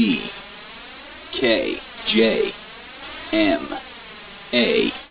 B K J M A